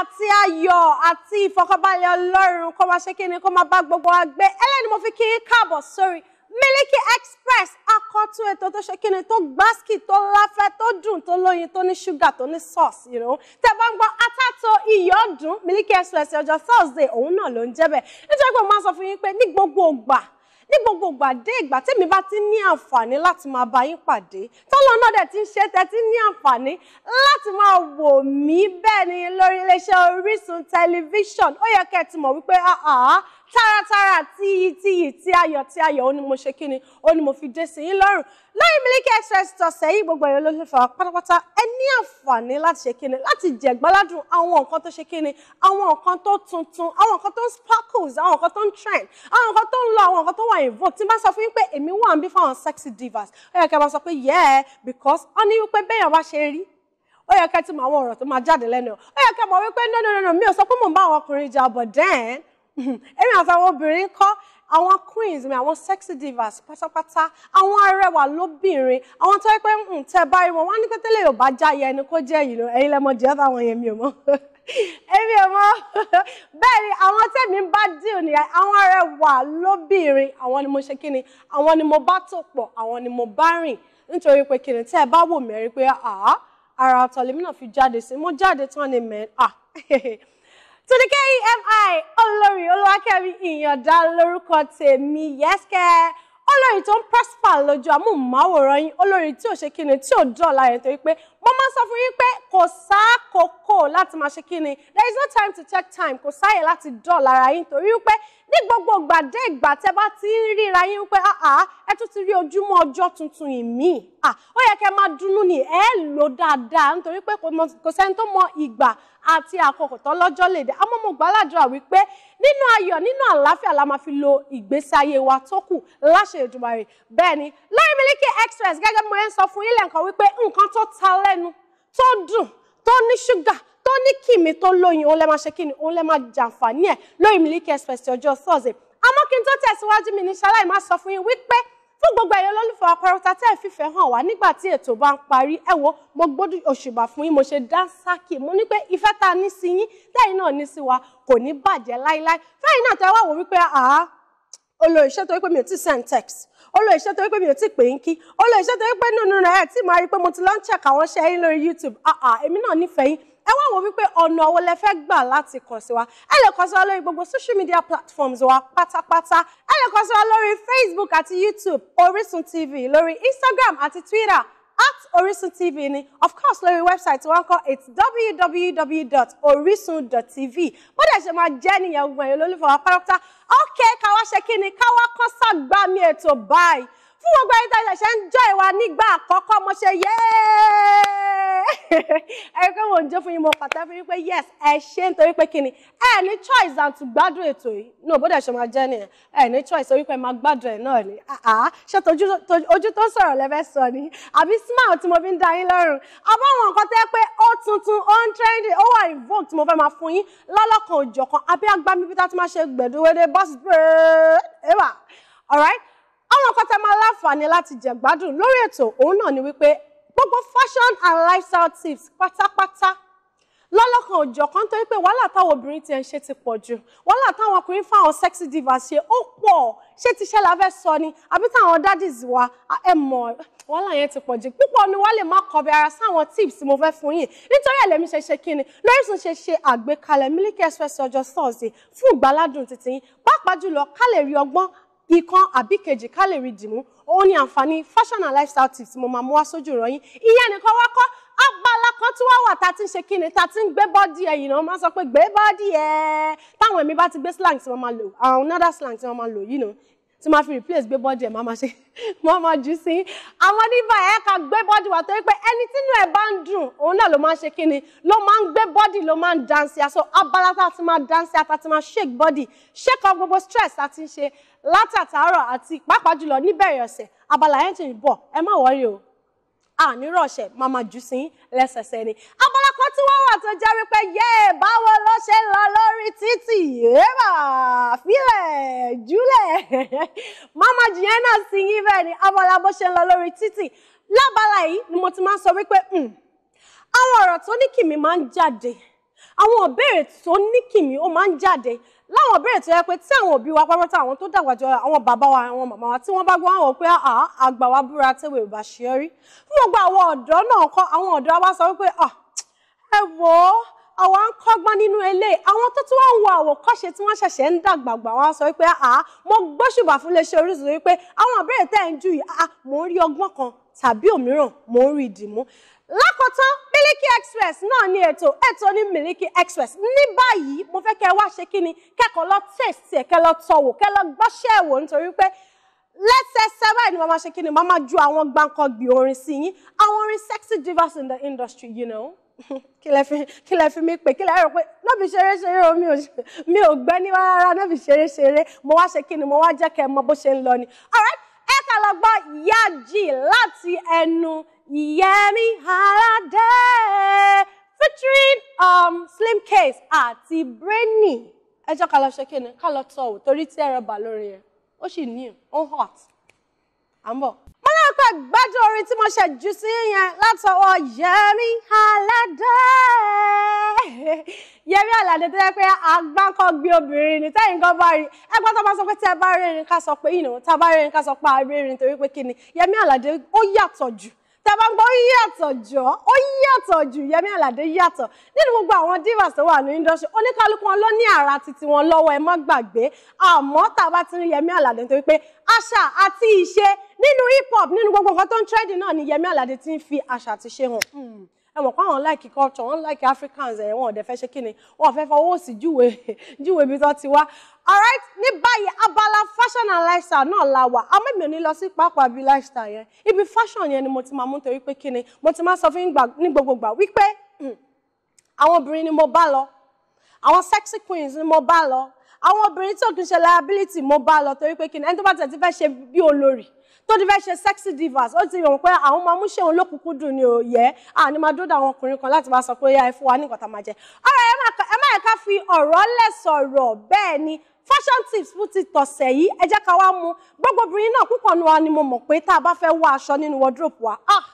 àti ayọ̀ àti ìfọ̀kànbalẹ̀ Ọlọ́run kó máa ṣe kí ni kó máa bá gbogbo wa gbé ẹlẹ́ni mo fi kí n káàbọ̀ sórí Miliki Express akọ́tún ètò tó ṣe ni tó gbásìkì tó láfẹ́ tó dùn tó lóyin tó ní ṣúgà tó ní sauce. you know tẹ bá ń gbọ́ atátó iyọ̀ dùn Miliki Express ọjọ́ Thursday òun náà ló ń jẹ́ bẹ́ẹ̀ nítorí pé mo máa sọ fún yín pé ní gbogbo ògbà ní gbogbo ìgbà dé ìgbà tèmi bá ti ní àǹfààní láti máa bá yín pàdé tọ́lọ́ náà dẹ̀ ti ń ṣe tẹ́tí ní àǹfààní láti máa wò mí bẹ́ẹ̀ ni lórí iléeṣẹ́ Orísun tẹlifíṣọ̀n ó yẹ kẹ́ ẹ ti mọ̀ wípé ah, ah, taratara tíyí tíyí tí ayọ̀ tí ayọ̀ ó ní mo ṣe kí ni ó ní mo fi dé sí yín lọ́rùn lórí Miliki Express tọ̀sẹ̀ yìí gbogbo ẹ̀yọ́ olólùfẹ́ wa pátápátá ẹ ní àǹfààní láti ṣe kí ni láti jẹ̀gbáládùn àwọn nǹkan tó ṣe kí ni àwọn nǹkan tó tuntun àwọn nǹkan tó ń sparkles àwọn nǹkan tó ń trend àwọn nǹkan tó ń lọ àwọn nǹkan tó wà invoke tí n bá sọ fún yín pé èmi wà ń bí fáwọn sexy divas ó yẹ kẹ́ bá yeah because ó ní wípé bẹ́ẹ̀ wá ṣe rí ó yẹ kẹ́ ti mọ àwọn ọ̀rọ̀ tó máa jáde no no no mi ò sọ pé mò ń bá but then èmi àtàwọn obìnrin kọ́ àwọn queens mi àwọn sexy divas pátápátá àwọn arẹwà lóbìnrin àwọn tó yẹ pé hmm, tẹ bá rí wọn wọn ní kété lè yóò bá jáyẹ ẹni kó jẹ yìí lọ ẹ̀yin lẹmọ jẹ táwọn yẹn mi ò mọ̀ èmi ò mọ̀ bẹ́ẹ̀ ni àwọn tẹmí bá díò ní àwọn arẹwà lóbìnrin àwọn ni mo ṣe kí àwọn ni mo bá tò pọ̀ àwọn ni mo bá rìn nítorí pé kí ni tẹ bá wò mẹ́rin pé àá ara ọ̀tọ̀ lèmi náà fi jáde sí mo jáde tán ni mẹ ah Tóníkẹ́ EMI olórí Olúwakẹ́mi Ìyàndá lórúkọ tèmi yẹ́sìkẹ́ olórí tó ń prosper lójú amóhùnmáwòrán yín olórí tí ò ṣe kíni tí ò dọ̀la yẹn torí pé mo máa ń sọ fún yín pé kò sáàkókò láti koko ṣe kíni there is no time to check time kò sáàyè láti dọ̀la ara yín torí pé ní gbogbo ìgbà dé ìgbà tẹ bá ti ń ríra yín wípé ẹ tún ti rí ojúmọ́ ọjọ́ tuntun ìmí ó yẹ kẹ́ máa dunnú ni ẹ lò dáadáa nítorí pé kò sẹ́ni tó mọ ìgbà àti àkókò tó lọ́jọ́ lè dé àmọ́ mo gbàládùra wípé nínú ayọ̀ nínú àlàáfíà la máa fi lo ìgbésí ayé wa tó kù láṣẹ Èdùmàrè bẹ́ẹ̀ ni lórí Miliki Express gẹ́gẹ́ bí mo yẹn ń sọ fún ilé nǹkan wípé nǹkan tó ta lẹ́nu tó dùn tó ní ṣúgà ní kìmí tó lóyin òun lẹ máa ṣe kí ni òun lẹ máa jàǹfààní ẹ̀ lórí Miliki Express ti ọjọ́ Thursday àmọ́ kí n tó tẹ̀síwájú mi ní ṣaláì má sọ fún yín wípé fún gbogbo ẹ̀yọ́ lólùfẹ́ apárọ́ta tẹ́ ẹ̀ fífẹ́ hàn wá nígbà tí ètò bá ń parí ẹ wo mo gbódú òṣùbà fún yín mo ṣe dánsákì mo ní pé ìfẹ́ ta ní sí yín tẹ́yìn náà ní sí wa kò ní bàjẹ́ láíláí fẹ́yìn náà tẹ́ wá wò wípé àá olóòṣẹ́ tó wípé mi ò tí send text olóòṣẹ́ tó wípé mi ò tí pè ń kí olóòṣẹ́ tó wípé nínú rẹ̀ ẹ̀ tí máa rí pé mo ti lọ́n check àwọn ṣẹ́ lórí YouTube àá èmi náà nífẹ̀ẹ́ yín ẹ wá wò wípé ọ̀nà wo lẹ fẹ́ gbà láti kàn sí wa ẹ lè kàn sí wa lórí gbogbo social media platforms wa pátápátá ẹ lè kàn sí wa lórí Facebook àti YouTube Orísun TV lórí Instagram àti Twitter at Orisun TV ni of course lórí website wọn kọ it's www.orisun.tv bóde ṣe máa jẹ́ nìyẹn gbọ̀nyẹn lólùfọ̀wá pátápátá ok káwá ṣe kí ni káwá kọ́sà gbá mi ètò báyìí fún gbogbo ẹ̀yin tẹ̀sẹ̀ ṣe ń jọ ìwà nígbà àkọ́kọ́ mo ṣe yéé ẹ pé mo ń jó fún yín mo pàtẹ́ fún yín pé yes ẹ ṣe nítorí pé kí ẹ ní choice and to gbádùn ètò yìí náà bó dẹ̀ ṣe máa jẹ́ nìyẹn ẹ ní choice orí pé máa gbádùn ẹ̀ náà ni ah, ah. ṣé ojú tó sọ̀rọ̀ lẹ́fẹ́ sọ ni àbí smile tí mo fi ń da yín lọ́rùn àbáwọn nǹkan tẹ́ pé ó tuntun ó ń trendy ó wà involved tí mo fẹ́ máa fún yín lọ́lọ́kan òjọ̀kan abẹ́ agbámi bí tá ti máa ṣe gbẹ̀dúwẹ́dẹ́ bọ́sì pé é wà all right ọ̀rọ̀ kan tẹ́ máa láǹfààní láti jẹ̀gbádùn lórí ètò òun náà ni wípé gbogbo fashion and lifestyle tips pátápátá lọ́lọ́kan òjọ̀kan tó wípé wàhálà táwọn obìnrin ti ẹ̀ ń ṣe ti pọ̀ jù wàhálà táwọn ọkùnrin fáwọn sexy divas ṣe ó pọ̀ ṣé tiṣẹ́ la fẹ́ sọ ni àbí táwọn daddies wa ẹ mọ̀ wàhálà yẹn ti pọ̀ jù púpọ̀ ni wàá lè má kọbi ara sáwọn tips mo fẹ́ fún yín nítorí ẹ̀ lèmi ṣe ṣe kí ni lóríṣun ṣe ṣe àgbékalẹ̀ Miliki Express ọjọ́ Thursday fún ìgbàládùn títí yín pàápàá jùlọ ká lè rí ọgbọ́n ìkan àbí kejì ká lè rí dìmú òun ni àǹfààní fashion and lifestyle tips mo máa mú wá sójú ìròyìn ìyẹn nìkan wá kọ́ abala kan tí wọ́n wà tá a ti ń ṣe kí ni tá a ti ń gbé bọ́dì ẹ̀ yìí náà máa sọ pé gbé bọ́dì ẹ̀ táwọn èmi bá ti gbé slang tí wọ́n máa lò àwọn another slang tí wọ́n máa lò yìí náà tí máa fi replace gbé bọ́dì ẹ̀ máa máa ṣe máa máa jù sí. àwọn níbà ẹ̀ ká gbé bọ́dì wà tó yẹ pé ẹni tínú ẹ̀ bá ń dùn òun náà ló máa ń ṣe kíni ló máa ń gbé bọ́dì ló máa ń dánsì aṣọ abala ti máa dánsì ata ti máa shake bọ́dì shake off gbogbo stress tá a ti ń ṣe látàtàárọ̀ àti pàápàá jùlọ níbẹ̀rẹ̀ ọ̀sẹ̀ abala yẹn ti bọ̀ ẹ má wọ́rí o ànírọ̀ṣẹ̀ mama máa jù sí lẹ́sẹsẹ ni. abala kan tí wọ́n wà tó jẹ́ wípé yé báwo ló ṣe ń lọ lórí títì yéèbà fílẹ̀ júlẹ̀ máma jìyẹn náà sí yín bẹ́ẹ̀ ni abala bó ṣe ń lọ lórí títì lábala yìí ni mo ti máa ń sọ wípé hmm, àwọn ọ̀rọ̀ tó ní kìmí máa ń jáde àwọn ìbéèrè tó ní kìmí ó máa ń jáde láwọn ìbéèrè tó yẹ pé tí àwọn òbí wa pápátá àwọn tó dàgbà jọ àwọn bàbá wa àwọn màmá wa tí wọ́n bá gbọ́ àwọn pé àgbà wa búra tẹ́wé ìbá ṣe é rí fún gbogbo àwọn ọ̀dọ́ náà kọ́ àwọn ọ̀dọ́ wa sọ wípé ẹ wò ó àwa ń kọ́gbọ́n nínú ilé àwọn tó tún wá ń wo àwòkọ́ṣe tí wọ́n ṣẹ̀ṣẹ̀ ń dàgbà gbà wọ́n sọ wípé àá mo gbóṣùbà fún iléeṣẹ́ Orísun wípé àwọn ìbéèrè tẹ́ ẹ̀ ń jù yìí àá mò ń rí ọgbọ́n kan tàbí òmíràn mò ń rí ìdìmú lákọ̀ọ́tán Miliki Express náà ni ètò ètò ní Miliki Express ní báyìí mo fẹ́ kẹ́ wá ṣe kí ni kẹ́kọ̀ọ́ lọ tẹ̀sí ẹ̀ kẹ́ lọ tọ̀wò kẹ́ lọ gbọ́ṣẹ́ ẹ̀wò nítorí pé lẹ́sẹsẹ báyìí ni màmá ṣe kí ni màmá ju àwọn gbàǹkangbì orin sí yín àwọn orin sexy divas in the industry you know kí lẹ fi kí lẹ fi mí pè kí lẹ rò pé nọ́ọ̀bì ṣeréṣeré o mi ò mi ò gbẹ́ ní rárá nọ́ọ̀bì ṣeréṣeré mo wá ṣe kí mo wá jẹ́ kẹ́ mọ bó ṣe ń lọ ni all right ká lọ gbọ́ Yaji láti ẹnu Yẹmi Alade featuring um, Slimcase àti Brainy ẹ jọ́ ká lọ ṣe kí ni ká lọ tọ̀ wò torí tí ẹ̀rọ bà lórí yẹn ó sì ní ó hot à mo lọ́pẹ́ gbájú orin tí mo ṣe jù sí yẹn látọwọ́ Yẹmi Aládé Yẹmi Aládé tó yẹ pé agbákọ̀gbé obìnrin ni tẹ́yìn kan bá rí ẹgbọ́n tó bá sọ pé tí ẹ bá rí erin ká sọ pé ìnáwó tá a bá rí erin ká sọ pé a rí erin torí pé kí ni Yẹmi Aládé ó yàtọ̀ jù tẹ́bá gbọ́ yàtọ̀ jọ ó yàtọ̀ jù Yẹmí Àlàdé yàtọ̀ nínú gbogbo àwọn divas tó wà ní industry oníkálukú wọn ló ní àrà titi wọn lọ́wọ́ ẹ má gbàgbé àmọ́ tàbá ti ní Yẹmí Àlàdé nítorí pé àṣà àti ìṣe nínú hip hop nínú gbogbo nǹkan tó ń trending náà ni Yẹmí Àlàdé ti ń fi àṣà àti ìṣe hàn hmm ẹ mọ̀ pé àwọn like culture wọn like africans ẹ̀ wọn ò dẹ̀ fẹ́ ṣe kí ni wọn ò fẹ́ fọwọ́ sí júwe júwe ibi tó ti wá. alright ní báyìí abala fashion and lifestyle náà la wà àmọ́ èmi ò ní lọ sí pápá bíi lifestyle yẹn ibi fashion yẹn ni mo ti máa mú torí pé kí ni mo ti máa sọ fún ní gbogbogbà wípé àwọn obìnrin ni mo bá lọ àwọn sexy queens ni mo bá lọ àwọn obìnrin tó kì í ṣe liability mo bá lọ torí pé kíni ẹni tó bá tẹ̀ ti fẹ́ ṣe bí olórí tó ti fẹ́ ṣe sexy divas ó ti rò pé àwọn máa mú ṣéun lókùnkún dùn ni ò yẹ àní máa dúdà àwọn ọkùnrin kan láti máa sọ pé ẹ fún wa ní nǹkan tá a máa jẹ. ọ̀rọ̀ ẹ má yẹ ká fi ọ̀rọ̀ lẹ̀ sọ̀rọ̀ bẹ́ẹ̀ ni fashion tips fún ti tọ̀sẹ̀ yìí ẹ jẹ́ ká wá mú gbogbo obìnrin náà púpọ̀ nu wa ni mo mọ̀ pé tá a bá fẹ́ wọ aṣọ nínú wardrobe wa ah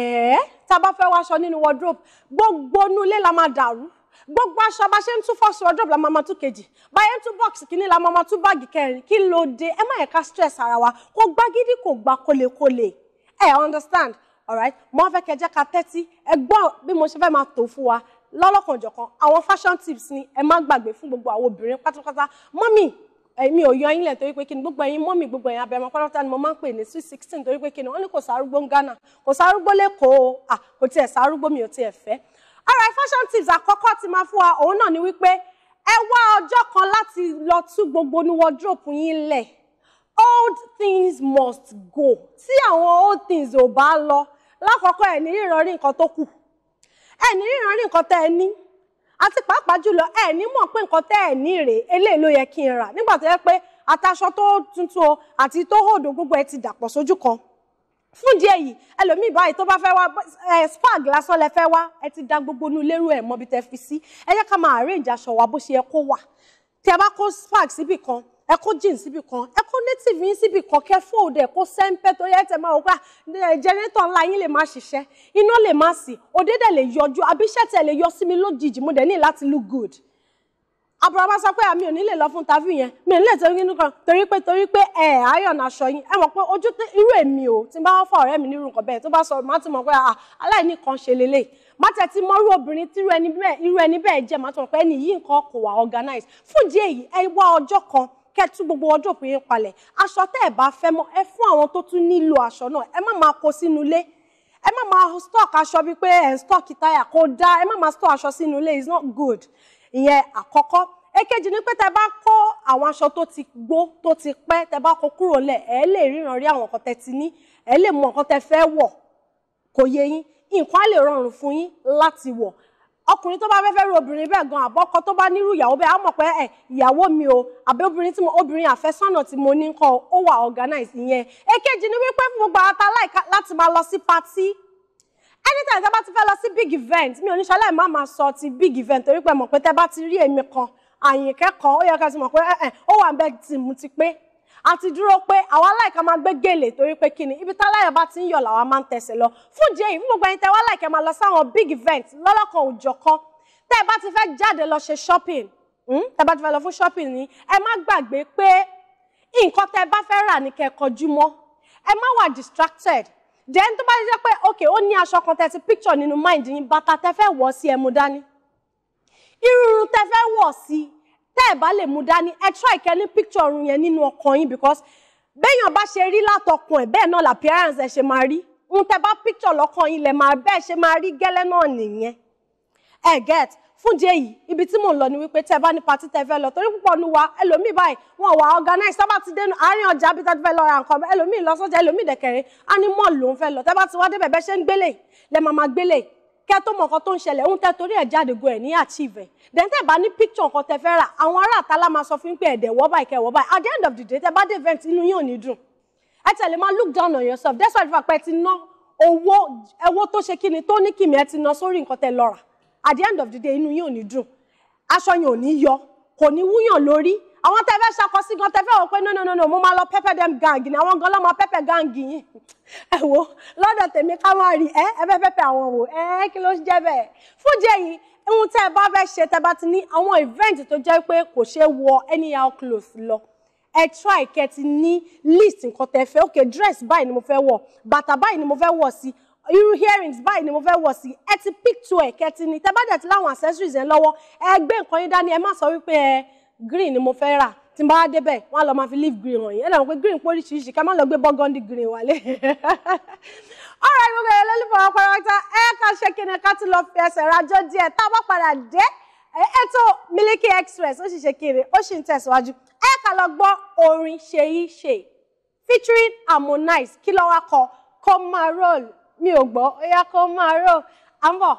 ẹ̀ẹ́ tá a bá fẹ́ wọ aṣọ nínú wardrobe gbogbo onú ilé la máa dàrú gbogbo aṣọ bá ṣe ń tú first wardrobe la mama tú kejì báyẹn tú box kìíní la mama tú báàgì kẹrin kí ló dé ẹ má yẹ ká stress ara wa kó gbágídí kò gba kólekóle ẹ understand alright mo fẹ́ kẹ́ jẹ́ ká tẹ́tí ẹ gbọ́ bí mo ṣe fẹ́ máa tó fún wa lọ́lọ́kanjọ̀kan àwọn fashion tips ni ẹ má gbàgbé fún gbogbo àwọn obìnrin pátápátá mọ́mì èmi ò yọ yín lẹ̀ torí pé kí ni gbogbo ẹ̀yin mọ́mì gbogbo ẹ̀yin abẹ́mọ pátápátá ni mo máa ń pè ní sweet sixteen torí pé kí ni wọ́n ní kò sárúgbó ń Ghana kò sárúgbó lẹ́kọ̀ọ́ Ah, kò tiẹ̀ sárúgbó mi ò tiẹ̀ fẹ́ alright fashion tips àkọ́kọ́ tí máa fún wa òun náà ni wípé ẹ wá ọjọ́ kan láti lọ tú gbogbo ní wardrobe yín lẹ̀ old things must go tí àwọn old things ò bá lọ lákọ̀ọ́kọ́ ẹ̀ ní ríran rí nǹkan tó kù ẹ̀ ní ríran rí nǹkan tẹ́ ẹ ní àti pàápàá jùlọ ẹ̀ ní mọ̀ pé nǹkan tẹ́ ẹ ní rèé eléyìí ló yẹ kí n rà nígbà tó yẹ pé àtaṣọ tó tuntun àti tó hòdò gbogbo ẹ ti dàpọ̀ sójú kan fún díẹ̀ yìí ẹlòmíì báyìí tó bá fẹ́ wá ẹ spag lásán lẹ fẹ́ wá ẹ ti da gbogbo inú ilé rú ẹ mọ́bi tẹ fi sí ẹ jẹ́ ká máa arrange aṣọ wa bó ṣe yẹ kó wà tí ẹ bá kó spag síbì kan ẹ kó jean síbì kan ẹ kó native yín síbì kan kẹ fold ẹ kó sẹ́ńpẹ́ tó yẹ tẹ máa wò pé jẹnẹrétọ̀ ńlá yín lè má ṣiṣẹ́ iná lè má sí òdédè lè yọjú àbíṣẹ́ tẹ lè yọ sí mi lójijì mo dẹ̀ ní láti look good àbúrọ̀bá sọ pé àmì ò ní lè lọ fún tàbí yẹn mi ò ní lè torí inú kan torí pé torí pé ẹ ayọ̀nà aṣọ yín ẹ mọ̀ pé ojú irú èmi o tí n bá wọ́n fọ ọ̀rẹ́ mi nírú nǹkan bẹ́ẹ̀ tó bá sọ má ti mọ̀ pé aláìní kan ṣe lélẹ̀ má tẹ̀ tí mọ́rú obìnrin tí irú ẹni bẹ́ẹ̀ jẹ́ má ti mọ̀ pé ẹni yìí nǹkan kò wà organize fún díẹ̀ yìí ẹ wá ọjọ́ kan kẹtù gbogbo ọjọ́ òpin palẹ̀ aṣọ tẹ́ ẹ bá fẹ́ mọ́ ẹ fún àwọn tó tún nílò aṣọ náà ẹ má máa kó sínú ilé ẹ má máa stock aṣọ bíi pé ẹ ń stock táyà kó dáa ẹ má máa store aṣọ sínú ilé it's not good ìyẹn àkọ́kọ́ èkejì ni pé tẹ bá kó àwọn aṣọ tó ti gbó tó ti pẹ́ tẹ bá kó kúrò lẹ̀ ẹ lè ríran rí àwọn nǹkan tẹ ti ní ẹ lè mọ nǹkan tẹ fẹ́ wọ̀ kò yé yín nǹkan á lè rọrùn fún yín láti wọ̀ ọkùnrin tó bá fẹ́ fẹ́ ru obìnrin bẹ́ẹ̀ gan àbọ́kọ tó bá nírú ìyàwó bẹ́ẹ̀ á mọ̀ pé ẹ̀ ìyàwó mi o àbí obìnrin tí mo obìnrin àfẹ́sọ́nà tí mo ní kọ́ ó wà organize ìyẹn èkejì ni wípé fún gbogbo ata láti máa lọ sí patí anytime tá bá ti fẹ́ lọ sí big event mi ò ní ṣaláì ma máa sọ ti big event torí pé mọ̀ pé tẹ́ bá ti rí èmi kan àyìnkẹ́ kan ó yẹ ká ti mọ̀ pé ẹ̀ẹ́ eh, eh, ó wà bẹ́ẹ̀ tì mú ti pé àti dúró pé àwa láìka máa gbé gèlè torí pé kíni ibi táláyà bá ti ń yọ̀ làwa máa ń tẹ̀sẹ̀ lọ fún jẹ́yìn fún gbogbo ẹni tẹ́ wá láìka máa lọ sáwọn big event lọ́lọ́kan òjọ̀kan tẹ́ ẹ bá ti fẹ́ jade lọ ṣe shopping hmm, tẹ́ bá ti fẹ́ lọ fún shopping ni ẹ má gbàgbé pé nǹkan tẹ́ bá fẹ́ rà ní kẹ́ kọjú mọ́ ẹ má distracted then tó bá jẹ́ pé okay ó ní aṣọ kan tẹ́tí picture nínú mind yín bàtà tẹ́ fẹ́ wọ̀ sí ẹ mú dání irun tẹ́ fẹ́ wọ̀ sí tẹ́ ẹ̀ bá lè mú dání ẹ try kẹ́ ní picture irun yẹn nínú ọkàn yín because béèyàn bá ṣe rí látọkùn ẹ̀ bẹ́ẹ̀ náà l'appearance ẹ̀ ṣe máa rí ń tẹ́ bá picture lọ́kàn yín lẹ̀ máa bẹ́ẹ̀ ṣe máa rí gẹ́lẹ́ náà nìyẹn ẹ get fún díẹ̀ yìí ibi tí mò ń lọ ni wípé tẹ́ bá ní patí tẹ́ fẹ́ lọ torí púpọ̀ nu wa ẹlòmíì báyìí wọn wà organize sábà ti dénú àárín ọjà bí tẹ́ fẹ́ lọ ra nǹkan ẹlòmíì lọ sọ́jà ẹlòmíì dẹ̀kẹ̀rẹ́ á ní mọ́ọ̀lù lòún fẹ́ lọ tẹ́ bá ti wá débẹ̀ bẹ́ ṣe ń gbélé lẹ́ máa máa gbélé kẹ́ tó mọ̀ nǹkan tó ń ṣẹlẹ̀ ń tẹ́ torí ẹ̀ jáde go ẹ̀ ní achieve then tẹ́ bá ní picture nǹkan tẹ́ fẹ́ rà àwọn ará àtàlà máa sọ fún pé ẹ̀dẹ̀ wọ́ báyìí kẹ́ báyìí at the end of the day tẹ́ bá dé event inú yóò ní dùn ẹ tẹ̀lé máa look down on yourself That's why fact pé ẹ ti ná owó ẹwọ́ tó ṣe kí ni tó ní kìmí ẹ ti ná sórí nǹkan tẹ́ lọ at the end of the day inú yín ò ní dùn aṣọ yín ò ní yọ kò ní wúyàn lórí àwọn tẹ fẹ́ ṣakọ sí gan tẹ fẹ́ wọ pé no no no no mo máa lọ pẹpẹ dem gang ni àwọn gan lọ máa pẹpẹ gangi. yìí ẹ wo lọ́dọ̀ tèmi ká máa rí ẹ ẹ fẹ́ pẹpẹ àwọn wò ẹ kí ló ń jẹ́ bẹ́ẹ̀ fún jẹyìn ohun tẹ ẹ bá fẹ́ ṣe tẹ bá ti ní àwọn event tó jẹ́ pé kò ṣeé wọ anyhow clothes lọ ẹ try kẹ́ ti ní list nǹkan tẹ fẹ́ ok dress báyìí ni mo fẹ́ wọ bàtà báyìí ni mo fẹ́ wọ sí i irú earrings báyìí ni mo fẹ́ wọ̀ sí ẹ ti picture ẹ̀ kẹ́tì ni tẹ́ ti láwọn accessories yẹn lọ́wọ́ ẹ gbé nǹkan yín dání ẹ má sọ wípé ẹ green ni mo fẹ́ rà tí n bá débẹ̀ wọ́n á lọ máa fi leaf green hàn yín ẹ dàgbọ́n pé green pé oríṣiríṣi ká má lọ gbé burgundy green wálé ọ̀rọ̀ ìgbógun ẹ̀yẹ lólùfọ̀ ọ̀pọ̀lọpọ̀ ẹ ká ṣe kíni ká tún lọ fi ẹsẹ̀ rajọ díẹ̀ tá a bá padà dé ètò Miliki Express ó sì ṣe kíni ó sì ń tẹ̀síwájú ẹ ká lọ gbọ́ orin Ṣèyí Ṣèyí featuring Harmonize kí ló wá kọ mi ò gbọ́ ó yá kó máa rò à